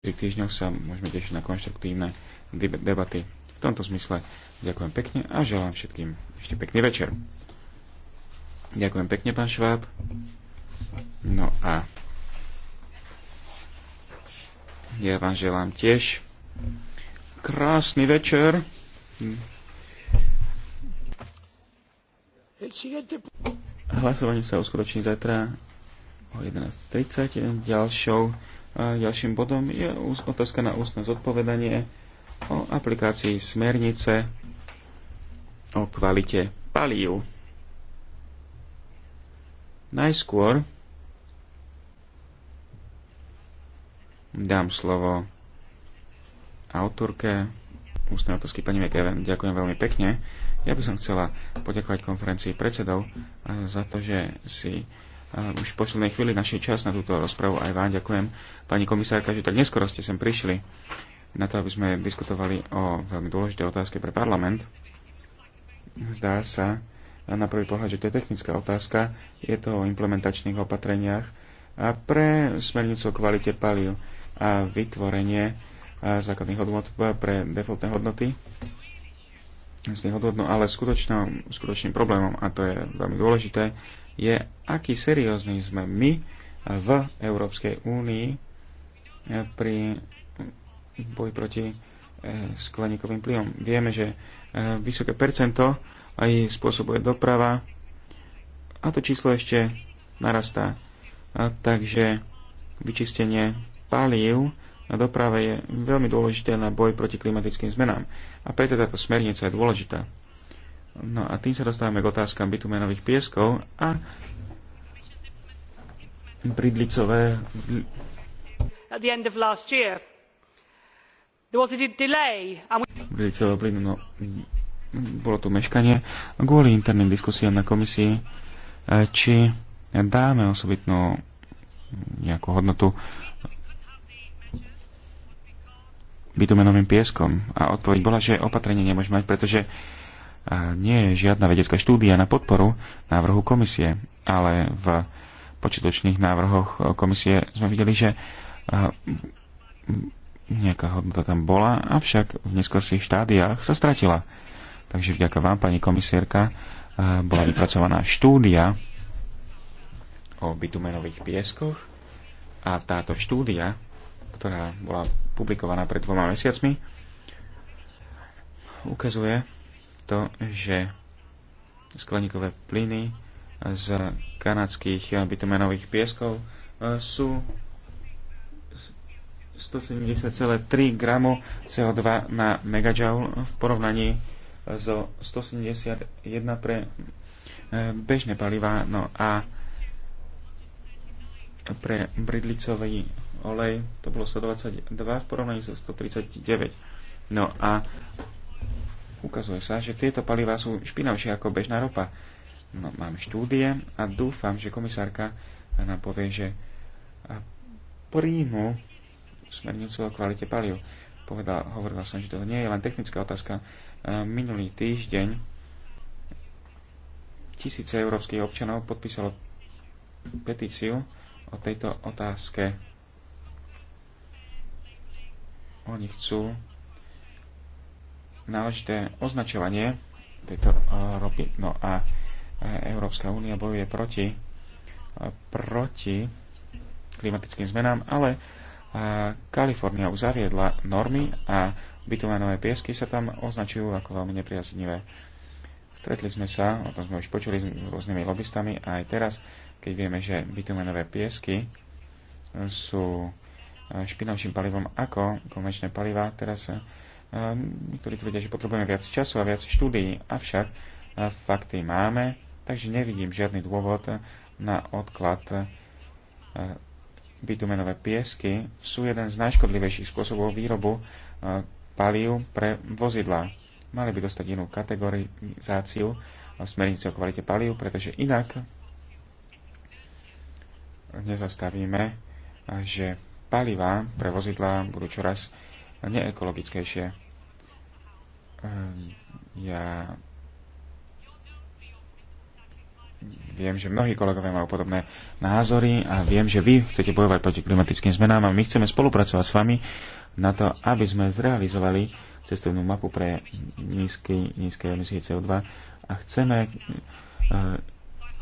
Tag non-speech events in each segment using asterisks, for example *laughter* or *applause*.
pri týždňoch sa môžeme tešiť na konštruktívne debaty. V tomto zmysle ďakujem pekne a želám všetkým ešte pekný večer. Ďakujem pekne, pán Šváb. No a ja vám želám tiež krásny večer. Hlasovanie sa uskutoční zajtra o 11.30. Ďalšou a ďalším bodom je otázka na ústne zodpovedanie o aplikácii smernice o kvalite palív. Najskôr dám slovo autorke ústnej otázky pani McEwen. Ďakujem veľmi pekne. Ja by som chcela poďakovať konferencii predsedov eh, za to, že si už v poslednej chvíli našej čas na túto rozpravu. Aj vám ďakujem, pani komisárka, že tak neskoro ste sem prišli na to, aby sme diskutovali o veľmi dôležité otázke pre parlament. Zdá sa na prvý pohľad, že to je technická otázka. Je to o implementačných opatreniach a pre smernicu o kvalite paliu a vytvorenie základných hodnot pre defaultné hodnoty z hodnotno, ale skutočným problémom, a to je veľmi dôležité, je, aký seriózny sme my v Európskej únii eh, pri boji proti eh, skleníkovým plynom. Vieme, že eh, vysoké percento aj spôsobuje doprava a to číslo ešte narastá. A takže vyčistenie palív na doprave je veľmi dôležité na boj proti klimatickým zmenám. A preto táto smernica je dôležitá. No a tým sa dostávame k otázkam bitumenových pieskov a bridlicové at the end of last year. There was a delay and we... plynu, no, bolo tu meškanie kvôli interným diskusiám na komisii, e, či dáme osobitnú nejakú hodnotu bitumenovým pieskom. A odpoveď bola, že opatrenie nemôžeme mať, pretože a nie je žiadna vedecká štúdia na podporu návrhu komisie, ale v počítočných návrhoch komisie sme videli, že nejaká hodnota tam bola, avšak v neskorších štádiách sa stratila. Takže vďaka vám, pani komisierka, bola vypracovaná štúdia o bitumenových pieskoch a táto štúdia, ktorá bola publikovaná pred dvoma mesiacmi, ukazuje, to, že skleníkové plyny z kanadských bitumenových pieskov e, sú 170,3 gramu CO2 na megajoule v porovnaní so 171 pre e, bežné palivá. No a pre bridlicový olej to bolo 122 v porovnaní so 139. No a ukazuje sa, že tieto palivá sú špinavšie ako bežná ropa. No, mám štúdie a dúfam, že komisárka nám povie, že príjmu smernicu o kvalite paliv. Povedal, hovorila som, že to nie je len technická otázka. Minulý týždeň tisíce európskych občanov podpísalo petíciu o tejto otázke. Oni chcú náležité označovanie tejto e, ropy. No a e, Európska únia bojuje proti, e, proti klimatickým zmenám, ale Kalifornia už zaviedla normy a bitumenové piesky sa tam označujú ako veľmi nepriaznivé. Stretli sme sa, o tom sme už počuli s rôznymi lobbystami a aj teraz, keď vieme, že bitumenové piesky sú špinavším palivom ako komerčné paliva, teraz Ehm, niektorí tvrdia, že potrebujeme viac času a viac štúdií, avšak eh, fakty máme, takže nevidím žiadny dôvod na odklad eh, bitumenové piesky sú jeden z najškodlivejších spôsobov výrobu eh, palív pre vozidlá. Mali by dostať inú kategorizáciu smernice o kvalite palív, pretože inak nezastavíme, že palivá pre vozidlá budú čoraz neekologickejšie. Ehm, ja viem, že mnohí kolegovia majú podobné názory a viem, že vy chcete bojovať proti klimatickým zmenám a my chceme spolupracovať s vami na to, aby sme zrealizovali cestovnú mapu pre nízky, nízke emisie CO2 a chceme e,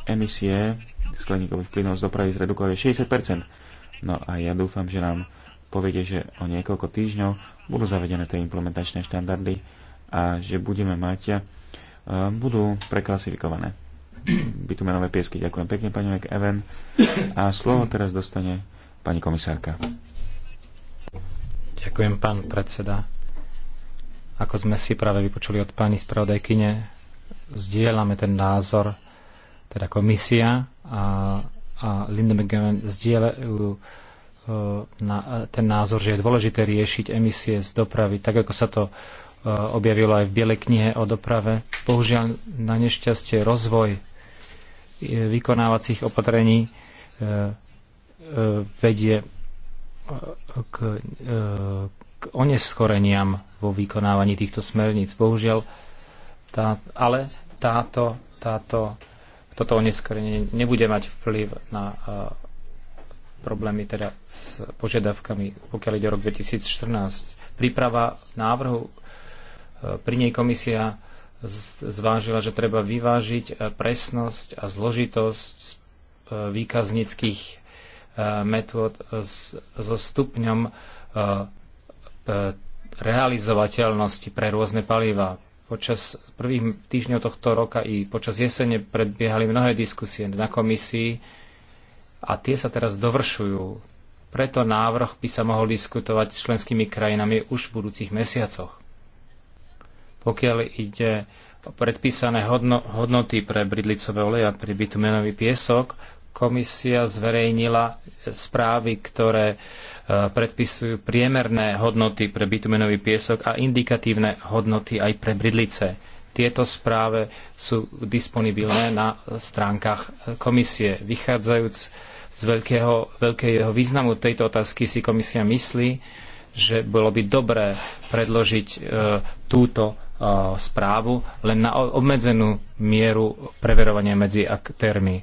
emisie skleníkových plynov z dopravy zredukovať 60%. No a ja dúfam, že nám povede, že o niekoľko týždňov budú zavedené tie implementačné štandardy a že budeme mať, e, budú preklasifikované bitumenové piesky. Ďakujem pekne, pani Even. A slovo teraz dostane pani komisárka. Ďakujem, pán predseda. Ako sme si práve vypočuli od pani spravodajkyne, zdieľame ten názor, teda komisia a, a Linda McGovern zdieľajú E, na e, ten názor, že je dôležité riešiť emisie z dopravy, tak ako sa to e, objavilo aj v Bielej knihe o doprave. Bohužiaľ, na nešťastie rozvoj vykonávacích opatrení vedie k, k oneskoreniam vo vykonávaní týchto smerníc. Bohužiaľ, tá, ale táto, táto, toto oneskorenie nebude mať vplyv na problémy teda s požiadavkami, pokiaľ ide o rok 2014. Príprava návrhu, e, pri nej komisia zvážila, že treba vyvážiť e, presnosť a zložitosť e, výkazníckých metód so stupňom realizovateľnosti pre rôzne palíva. Počas prvých týždňov tohto roka i počas jesene predbiehali mnohé diskusie na komisii, a tie sa teraz dovršujú. Preto návrh by sa mohol diskutovať s členskými krajinami už v budúcich mesiacoch. Pokiaľ ide o predpísané hodno, hodnoty pre bridlicové oleje a pre bitumenový piesok, komisia zverejnila správy, ktoré e, predpisujú priemerné hodnoty pre bitumenový piesok a indikatívne hodnoty aj pre bridlice tieto správe sú disponibilné na stránkach komisie. Vychádzajúc z veľkého, veľkého významu tejto otázky si komisia myslí, že bolo by dobré predložiť e, túto e, správu len na obmedzenú mieru preverovania medzi aktérmi.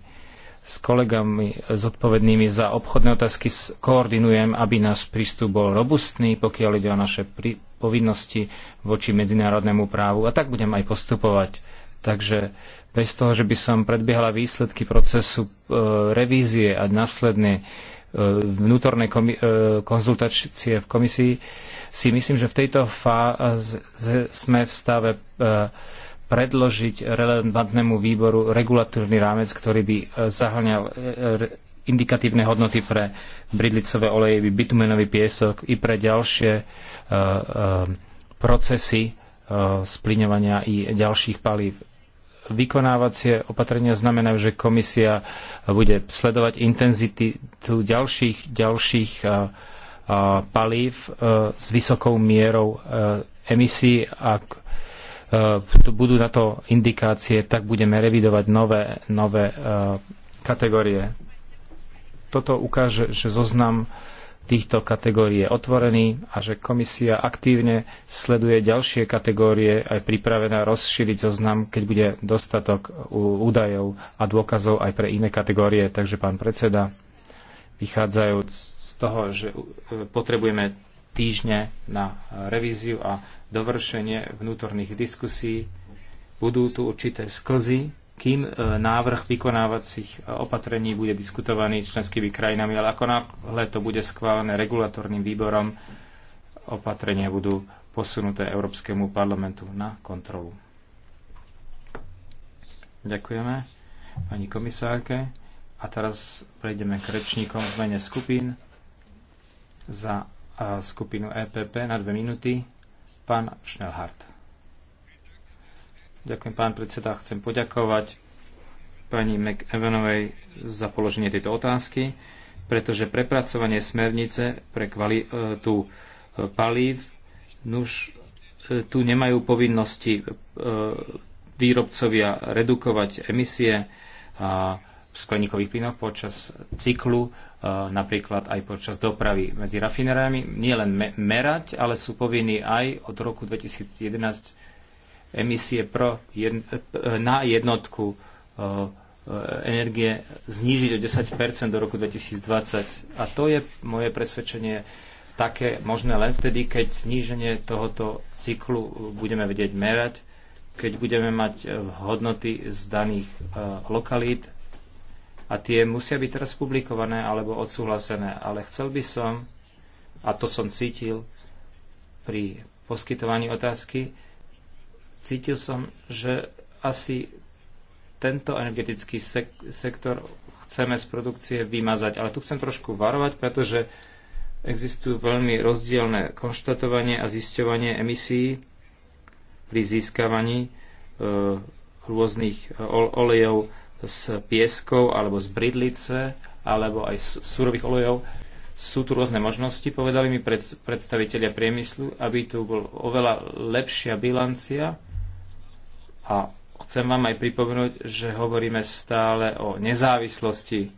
S kolegami zodpovednými za obchodné otázky koordinujem, aby náš prístup bol robustný, pokiaľ ide o naše pri, povinnosti voči medzinárodnému právu a tak budem aj postupovať. Takže bez toho, že by som predbiehala výsledky procesu e, revízie a následne e, vnútorné komi- e, konzultácie v komisii, si myslím, že v tejto fáze sme v stave e, predložiť relevantnému výboru regulatívny rámec, ktorý by e, zahľňal e, indikatívne hodnoty pre bridlicové oleje, bitumenový piesok i pre ďalšie e, e, procesy e, splyňovania i ďalších palív. Vykonávacie opatrenia znamenajú, že komisia bude sledovať intenzitu ďalších, ďalších palív s vysokou mierou emisí. Ak budú na to indikácie, tak budeme revidovať nové, nové kategórie toto ukáže, že zoznam týchto kategórií je otvorený a že komisia aktívne sleduje ďalšie kategórie a je pripravená rozšíriť zoznam, keď bude dostatok údajov a dôkazov aj pre iné kategórie. Takže pán predseda, vychádzajúc z toho, že e, potrebujeme týždne na revíziu a dovršenie vnútorných diskusí, budú tu určité sklzy kým e, návrh vykonávacích e, opatrení bude diskutovaný s členskými krajinami, ale ako náhle to bude schválené regulatorným výborom, opatrenia budú posunuté Európskemu parlamentu na kontrolu. Ďakujeme pani komisárke. A teraz prejdeme k rečníkom v mene skupín za e, skupinu EPP na dve minúty. Pán Schnellhardt. Ďakujem, pán predseda. Chcem poďakovať pani McEvanovej za položenie tejto otázky, pretože prepracovanie smernice pre kvalitu e, e, palív, nuž e, tu nemajú povinnosti výrobcovia redukovať emisie skleníkových plynov počas cyklu, napríklad aj počas dopravy medzi rafinerami. Nie len merať, ale sú povinní aj od roku 2011 emisie pro na jednotku e, e, energie znížiť o 10 do roku 2020. A to je moje presvedčenie také možné len vtedy, keď zníženie tohoto cyklu budeme vedieť merať, keď budeme mať e, hodnoty z daných lokalít a tie musia byť teraz publikované alebo odsúhlasené. Ale chcel by som, a to som cítil pri poskytovaní otázky, Cítil som, že asi tento energetický sek- sektor chceme z produkcie vymazať. Ale tu chcem trošku varovať, pretože existujú veľmi rozdielne konštatovanie a zisťovanie emisí pri získavaní e, rôznych e, olejov z pieskov alebo z bridlice alebo aj z surových olejov. Sú tu rôzne možnosti, povedali mi predstavitelia priemyslu, aby tu bol oveľa lepšia bilancia a chcem vám aj pripomenúť, že hovoríme stále o nezávislosti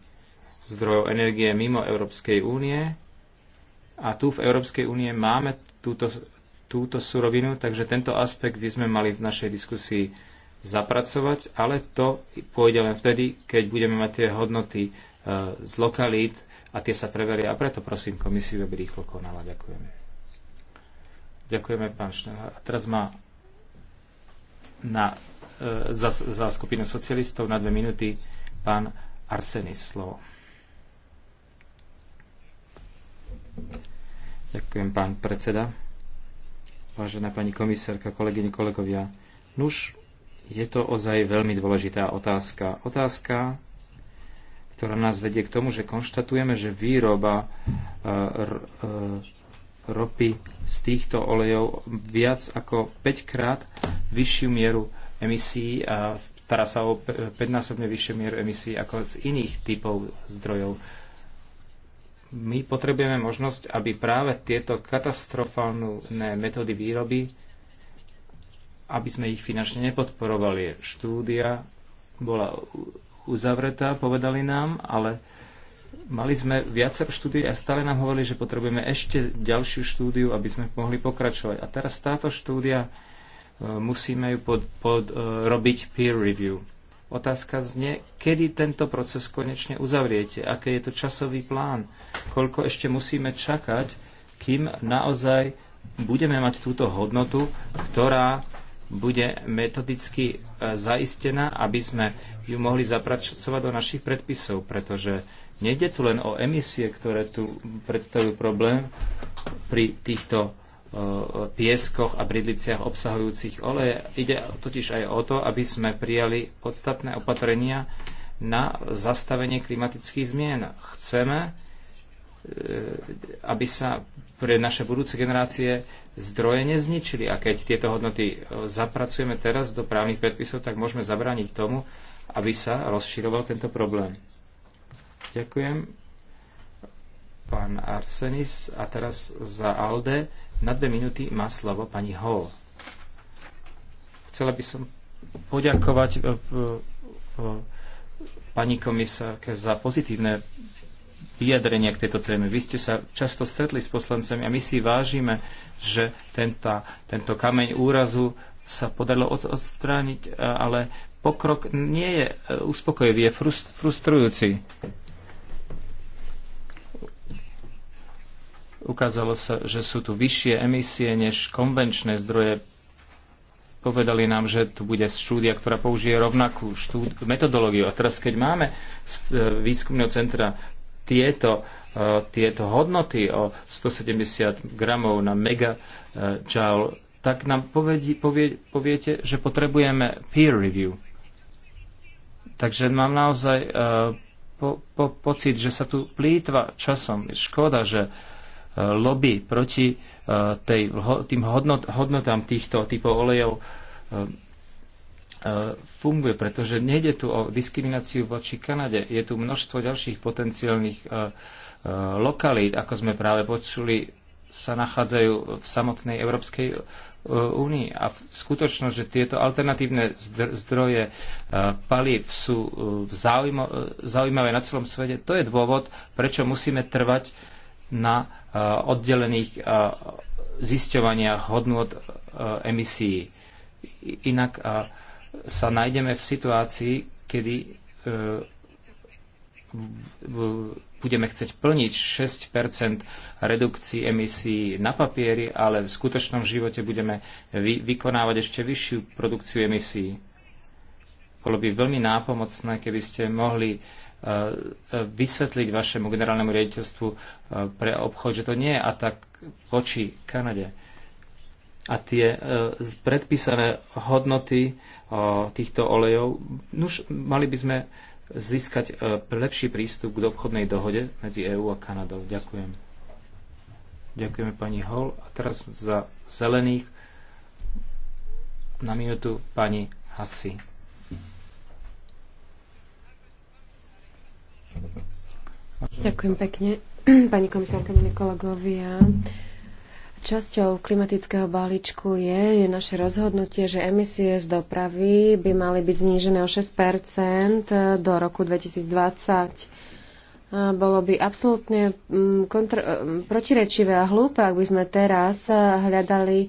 zdrojov energie mimo Európskej únie. A tu v Európskej únie máme túto, túto surovinu, takže tento aspekt by sme mali v našej diskusii zapracovať, ale to pôjde len vtedy, keď budeme mať tie hodnoty e, z lokalít a tie sa preveria. A preto prosím komisiu, aby rýchlo konala. Ďakujem. Ďakujeme, pán Šnelhar. A teraz má na, e, za, za skupinu socialistov na dve minúty pán Arsenis slovo. Ďakujem, pán predseda. Vážená pani komisárka, kolegyne, kolegovia. Nuž, je to ozaj veľmi dôležitá otázka. Otázka, ktorá nás vedie k tomu, že konštatujeme, že výroba e, e, ropy z týchto olejov viac ako 5 krát vyššiu mieru emisí a stará sa o 5-násobne vyššiu mieru emisí ako z iných typov zdrojov. My potrebujeme možnosť, aby práve tieto katastrofálne metódy výroby, aby sme ich finančne nepodporovali. Štúdia bola uzavretá, povedali nám, ale Mali sme viacero štúdií a stále nám hovorili, že potrebujeme ešte ďalšiu štúdiu, aby sme mohli pokračovať. A teraz táto štúdia e, musíme ju pod, pod, e, robiť peer review. Otázka znie, kedy tento proces konečne uzavriete, aký je to časový plán, koľko ešte musíme čakať, kým naozaj budeme mať túto hodnotu, ktorá bude metodicky e, zaistená, aby sme ju mohli zapracovať do našich predpisov, pretože nejde tu len o emisie, ktoré tu predstavujú problém pri týchto e, pieskoch a bridliciach obsahujúcich oleje. Ide totiž aj o to, aby sme prijali podstatné opatrenia na zastavenie klimatických zmien. Chceme aby sa pre naše budúce generácie zdroje nezničili. A keď tieto hodnoty e, zapracujeme teraz do právnych predpisov, tak môžeme zabrániť tomu, aby sa rozširoval tento problém. Ďakujem. Pán Arsenis a teraz za Alde na dve minúty má slovo pani Hall. Chcela by som poďakovať e, e, pani komisárke za pozitívne vyjadrenia k tejto téme. Vy ste sa často stretli s poslancami a my si vážime, že tenta, tento kameň úrazu sa podarilo od, odstrániť, e, ale pokrok nie je e, uspokojivý, je frust, frustrujúci. Ukázalo sa, že sú tu vyššie emisie než konvenčné zdroje. Povedali nám, že tu bude štúdia, ktorá použije rovnakú štúd- metodológiu. A teraz, keď máme z e, výskumného centra tieto, e, tieto hodnoty o 170 gramov na megajoule, e, tak nám povedi, povie, poviete, že potrebujeme peer review. Takže mám naozaj uh, po, po, pocit, že sa tu plýtva časom. Škoda, že uh, lobby proti uh, tej, ho, tým hodnot, hodnotám týchto typov olejov uh, E, funguje, pretože nejde tu o diskrimináciu voči Kanade. Je tu množstvo ďalších potenciálnych e, e, lokalít, ako sme práve počuli, sa nachádzajú v samotnej Európskej únii. A skutočnosť, že tieto alternatívne zdroje palív sú zaujímavé na celom svete, to je dôvod, prečo musíme trvať na oddelených zisťovaniach hodnot emisí. Inak sa nájdeme v situácii, kedy e, budeme chcieť plniť 6 redukcií emisí na papieri, ale v skutočnom živote budeme vy, vykonávať ešte vyššiu produkciu emisí. Bolo by veľmi nápomocné, keby ste mohli uh, vysvetliť vašemu generálnemu riaditeľstvu uh, pre obchod, že to nie je atak voči Kanade a tie e, predpísané hodnoty e, týchto olejov, už mali by sme získať e, lepší prístup k obchodnej dohode medzi EÚ a Kanadou. Ďakujem. Ďakujeme pani Hall. A teraz za zelených na minútu pani Hasi. Ďakujem pekne. *clears throat* Pani komisárka, milí kolegovia. Ja Časťou klimatického balíčku je, je naše rozhodnutie, že emisie z dopravy by mali byť znížené o 6 do roku 2020. Bolo by absolútne mm, kontr- mm, protirečivé a hlúpe, ak by sme teraz e, hľadali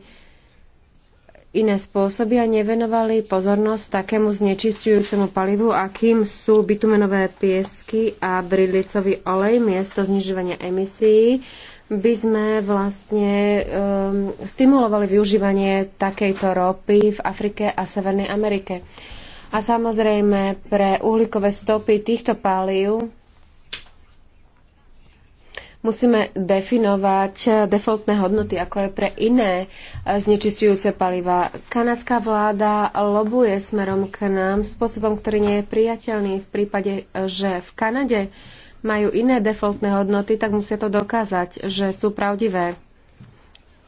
iné spôsoby a nevenovali pozornosť takému znečistujúcemu palivu, akým sú bitumenové piesky a bridlicový olej miesto znižovania emisí by sme vlastne um, stimulovali využívanie takejto ropy v Afrike a Severnej Amerike. A samozrejme pre uhlíkové stopy týchto palív musíme definovať defaultné hodnoty, ako je pre iné znečistujúce paliva. Kanadská vláda lobuje smerom k nám spôsobom, ktorý nie je priateľný v prípade, že v Kanade uh, majú iné defaultné hodnoty, tak musia to dokázať, že sú pravdivé.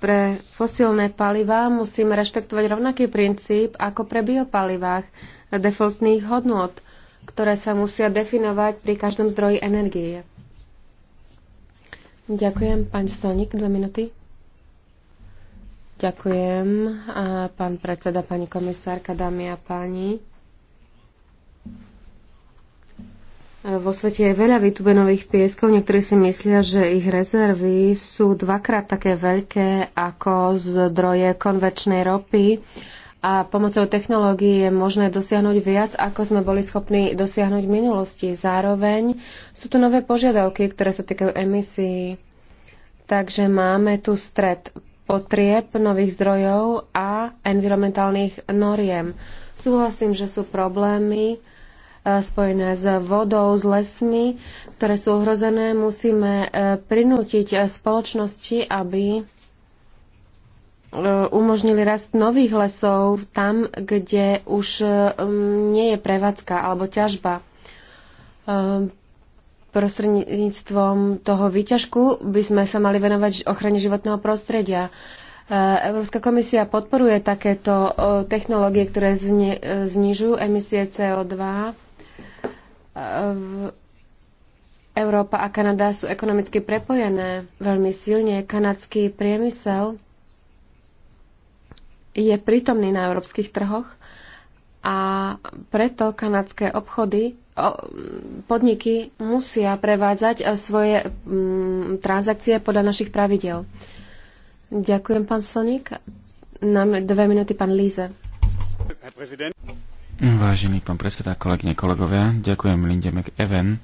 Pre fosílne palivá musíme rešpektovať rovnaký princíp ako pre biopalivách defaultných hodnot, ktoré sa musia definovať pri každom zdroji energie. Ďakujem, pán Sonik, dve minuty. Ďakujem, a pán predseda, pani komisárka, dámy a páni. Vo svete je veľa vytubenových pieskov. Niektorí si myslia, že ich rezervy sú dvakrát také veľké ako zdroje konvečnej ropy a pomocou technológií je možné dosiahnuť viac, ako sme boli schopní dosiahnuť v minulosti. Zároveň sú tu nové požiadavky, ktoré sa týkajú emisí. Takže máme tu stred potrieb nových zdrojov a environmentálnych noriem. Súhlasím, že sú problémy, E, spojené s vodou, s lesmi, ktoré sú ohrozené. Musíme e, prinútiť e, spoločnosti, aby umožnili rast nových lesov tam, kde už nie je prevádzka alebo ťažba. Prostredníctvom toho výťažku by sme sa mali venovať ochrane životného prostredia. Európska komisia podporuje takéto technológie, ktoré znižujú emisie CO2 E, Európa a Kanada sú ekonomicky prepojené veľmi silne. Kanadský priemysel je prítomný na európskych trhoch a preto kanadské obchody, podniky musia prevádzať e, svoje mm, transakcie podľa našich pravidel. Ďakujem, pán Sonik. Nám dve minúty, pán Líze. Vážený pán predseda, kolegyne, kolegovia, ďakujem Linde McEwen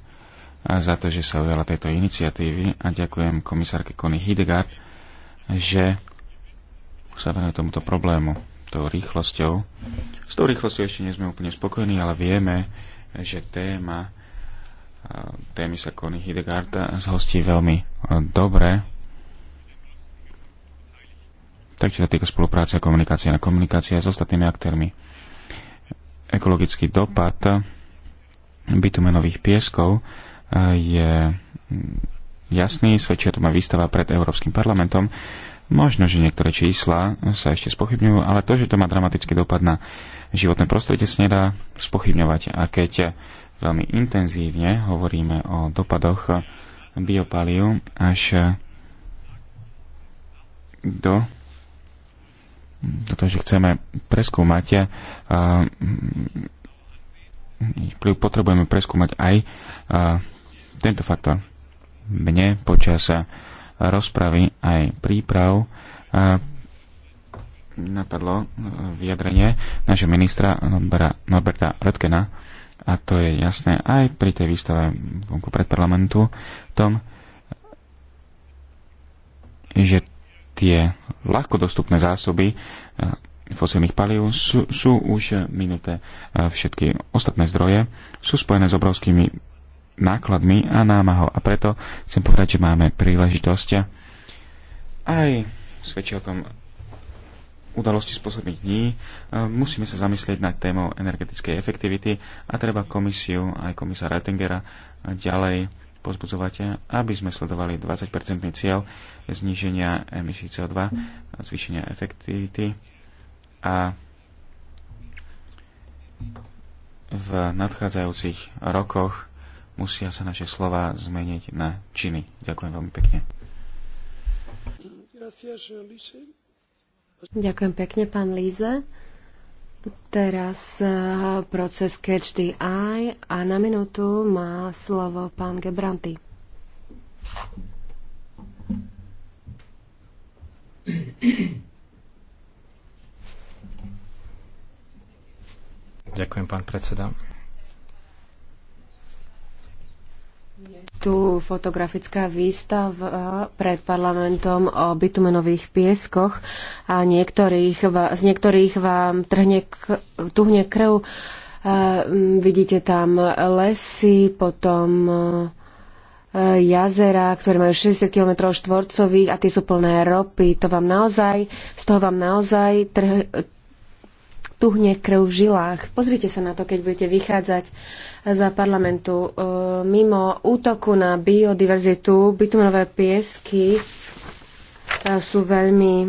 za to, že sa ujala tejto iniciatívy a ďakujem komisárke Connie Hidegard, že sa venuje tomuto problému tou rýchlosťou. S tou rýchlosťou ešte nie sme úplne spokojní, ale vieme, že téma témy sa Connie Hidegard zhostí veľmi dobre. Takže sa týka spolupráce a komunikácie na komunikácia s ostatnými aktérmi ekologický dopad bitumenových pieskov eh, je jasný, svedčia to má výstava pred Európskym parlamentom. Možno, že niektoré čísla sa ešte spochybňujú, ale to, že to má dramatický dopad na životné prostredie, sa nedá spochybňovať. A keď veľmi intenzívne hovoríme o dopadoch biopaliu až do toto, že chceme preskúmať vplyv potrebujeme preskúmať aj tento faktor. Mne počas rozpravy aj príprav napadlo e, vyjadrenie nášho ministra Norberta Redkena a to je jasné aj pri tej výstave vonku pred parlamentu tom, že tie ľahko dostupné zásoby e, fosilných palív sú, sú už minuté. E, všetky ostatné zdroje sú spojené s obrovskými nákladmi a námahou. A preto chcem povedať, že máme príležitosť aj svedčí o tom udalosti z posledných dní. E, musíme sa zamyslieť nad témou energetickej efektivity a treba komisiu aj komisára Ettingera ďalej pozbudzovať, aby sme sledovali 20-percentný cieľ zníženia emisí CO2 a zvýšenia efektivity a v nadchádzajúcich rokoch musia sa naše slova zmeniť na činy. Ďakujem veľmi pekne. Ďakujem pekne, pán Líze. Teraz uh, proces Catch the Eye a na minútu má slovo pán Gebranty. Ďakujem, pán predseda. tu fotografická výstava pred parlamentom o bitumenových pieskoch a niektorých, z niektorých vám trhne, tuhne krv. Mm, vidíte tam lesy, potom e, jazera, ktoré majú 60 km štvorcových a tie sú plné ropy. To vám naozaj, z toho vám naozaj trh, tuhne krv v žilách. Pozrite sa na to, keď budete vychádzať za parlamentu. E, mimo útoku na biodiverzitu, bitumenové piesky e, sú veľmi e,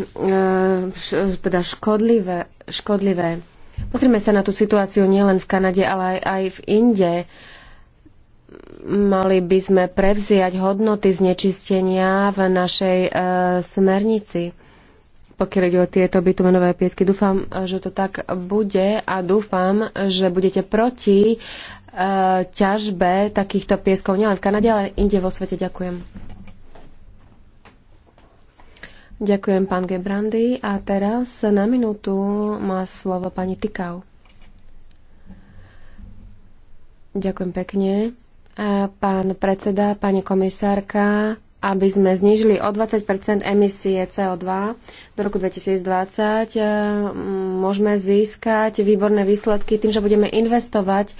š, teda škodlivé, škodlivé. Pozrime sa na tú situáciu nielen v Kanade, ale aj, aj v Inde. Mali by sme prevziať hodnoty znečistenia v našej e, smernici pokiaľ ide o tieto bitumenové piesky. Dúfam, že to tak bude a dúfam, že budete proti e, ťažbe takýchto pieskov nielen v Kanade, ale inde vo svete. Ďakujem. Ďakujem, pán Gebrandy. A teraz na minútu má slovo pani Tikau. Ďakujem pekne. E, pán predseda, pani komisárka, aby sme znížili o 20 emisie CO2 do roku 2020, e, môžeme získať výborné výsledky tým, že budeme investovať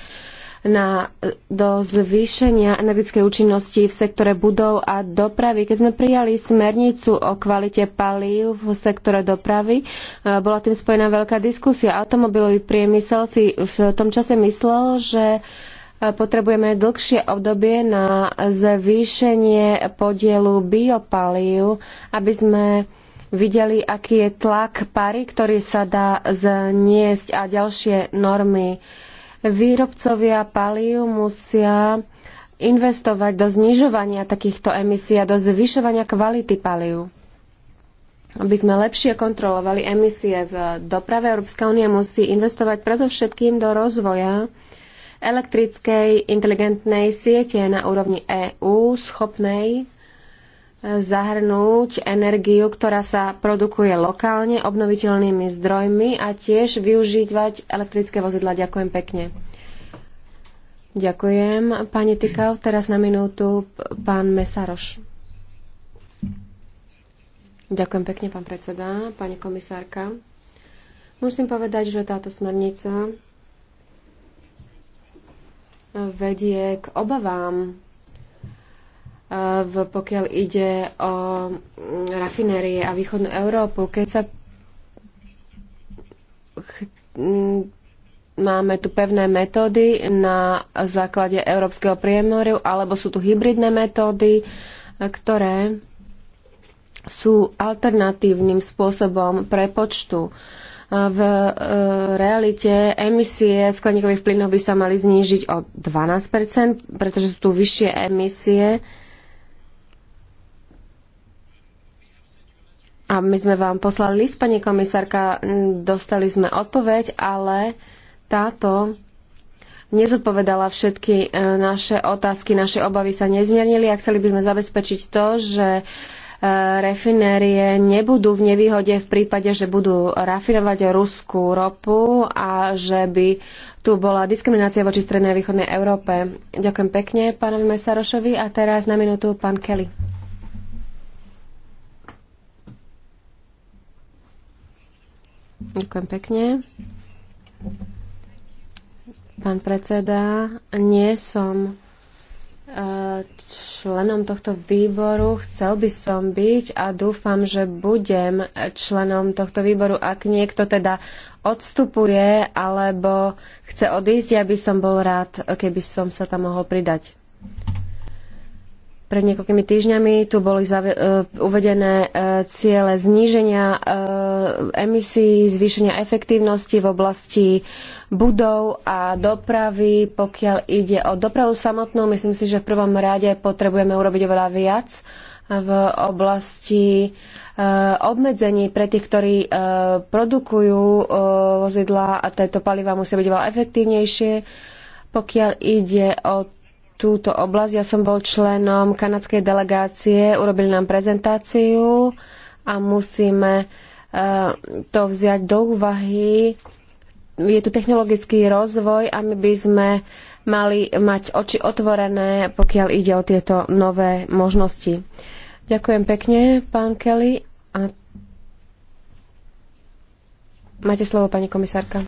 na, do zvýšenia energetickej účinnosti v sektore budov a dopravy. Keď sme prijali smernicu o kvalite palív v sektore dopravy, e, bola tým spojená veľká diskusia. Automobilový priemysel si v tom čase myslel, že potrebujeme dlhšie obdobie na zvýšenie podielu biopalív, aby sme videli, aký je tlak pary, ktorý sa dá zniesť a ďalšie normy. Výrobcovia palív musia investovať do znižovania takýchto emisí a do zvyšovania kvality palív. Aby sme lepšie kontrolovali emisie v doprave, Európska únia musí investovať predovšetkým do rozvoja elektrickej inteligentnej siete na úrovni EÚ schopnej e, zahrnúť energiu, ktorá sa produkuje lokálne obnoviteľnými zdrojmi a tiež využívať elektrické vozidla. Ďakujem pekne. Ďakujem. Pani Tykal, teraz na minútu pán Mesaroš. Ďakujem pekne, pán predseda, pani komisárka. Musím povedať, že táto smernica vedie k obavám, e, pokiaľ ide o mm, rafinérie a východnú Európu. Keď sa mm, máme tu pevné metódy na základe európskeho priemoru, alebo sú tu hybridné metódy, e, ktoré sú alternatívnym spôsobom prepočtu v e, realite emisie skleníkových plynov by sa mali znížiť o 12 pretože sú tu vyššie emisie. A my sme vám poslali list, pani komisárka, dostali sme odpoveď, ale táto nezodpovedala všetky e, naše otázky, naše obavy sa nezmiernili a chceli by sme zabezpečiť to, že refinérie nebudú v nevýhode v prípade, že budú rafinovať ruskú ropu a že by tu bola diskriminácia voči Strednej a Východnej Európe. Ďakujem pekne pánovi Mesarošovi a teraz na minútu pán Kelly. Ďakujem pekne. Pán predseda, nie som členom tohto výboru. Chcel by som byť a dúfam, že budem členom tohto výboru. Ak niekto teda odstupuje alebo chce odísť, ja by som bol rád, keby som sa tam mohol pridať. Pred niekoľkými týždňami tu boli e, uvedené e, ciele zníženia e, emisí, zvýšenia efektívnosti v oblasti budov a dopravy. Pokiaľ ide o dopravu samotnú, myslím si, že v prvom rade potrebujeme urobiť oveľa viac v oblasti obmedzení pre tých, ktorí produkujú vozidlá a tieto paliva musia byť veľa efektívnejšie. Pokiaľ ide o túto oblasť. Ja som bol členom kanadskej delegácie, urobili nám prezentáciu a musíme eh, to vziať do úvahy. Je tu technologický rozvoj a my by sme mali mať oči otvorené, pokiaľ ide o tieto nové možnosti. Ďakujem pekne, pán Kelly. A... Máte slovo, pani komisárka.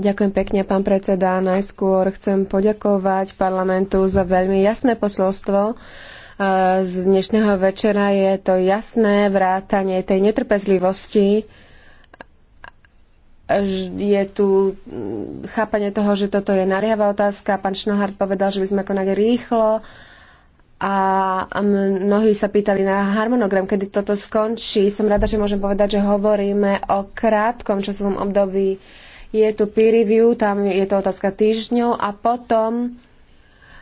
Ďakujem pekne, pán predseda. Najskôr chcem poďakovať parlamentu za veľmi jasné posolstvo. E, z dnešného večera je to jasné vrátanie tej netrpezlivosti. Je tu mm, chápanie toho, že toto je nariava otázka. Pán Šnohard povedal, že by sme konali rýchlo a mnohí sa pýtali na harmonogram, kedy toto skončí. Som rada, že môžem povedať, že hovoríme o krátkom časovom období je tu peer review, tam je to otázka týždňov a potom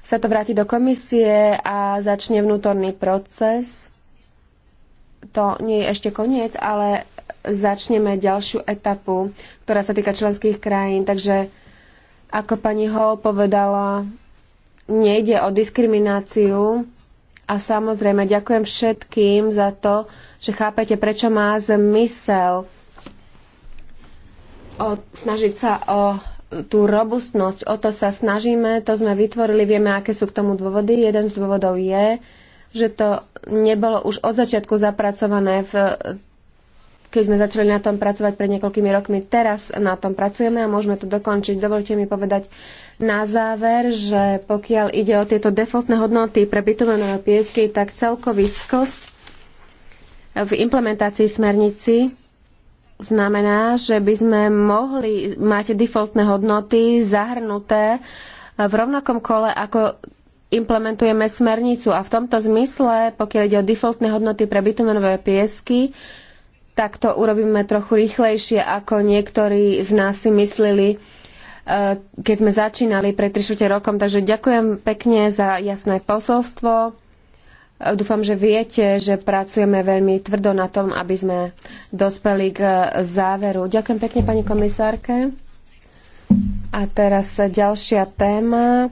sa to vráti do komisie a začne vnútorný proces. To nie je ešte koniec, ale začneme ďalšiu etapu, ktorá sa týka členských krajín. Takže, ako pani Hall povedala, nejde o diskrimináciu a samozrejme ďakujem všetkým za to, že chápete, prečo má zmysel o, snažiť sa o tú robustnosť, o to sa snažíme, to sme vytvorili, vieme, aké sú k tomu dôvody. Jeden z dôvodov je, že to nebolo už od začiatku zapracované v keď sme začali na tom pracovať pred niekoľkými rokmi, teraz na tom pracujeme a môžeme to dokončiť. Dovolte mi povedať na záver, že pokiaľ ide o tieto defaultné hodnoty pre bitumenové piesky, tak celkový sklz v implementácii smernici znamená, že by sme mohli mať defaultné hodnoty zahrnuté v rovnakom kole, ako implementujeme smernicu. A v tomto zmysle, pokiaľ ide o defaultné hodnoty pre bitumenové piesky, tak to urobíme trochu rýchlejšie, ako niektorí z nás si mysleli, eh, keď sme začínali pred 3 rokom. Takže ďakujem pekne za jasné posolstvo. Dúfam, že viete, že pracujeme veľmi tvrdo na tom, aby sme dospeli k záveru. Ďakujem pekne pani komisárke. A teraz ďalšia téma.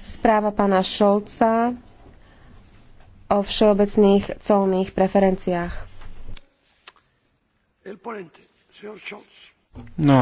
Správa pána Šolca o všeobecných colných preferenciách. No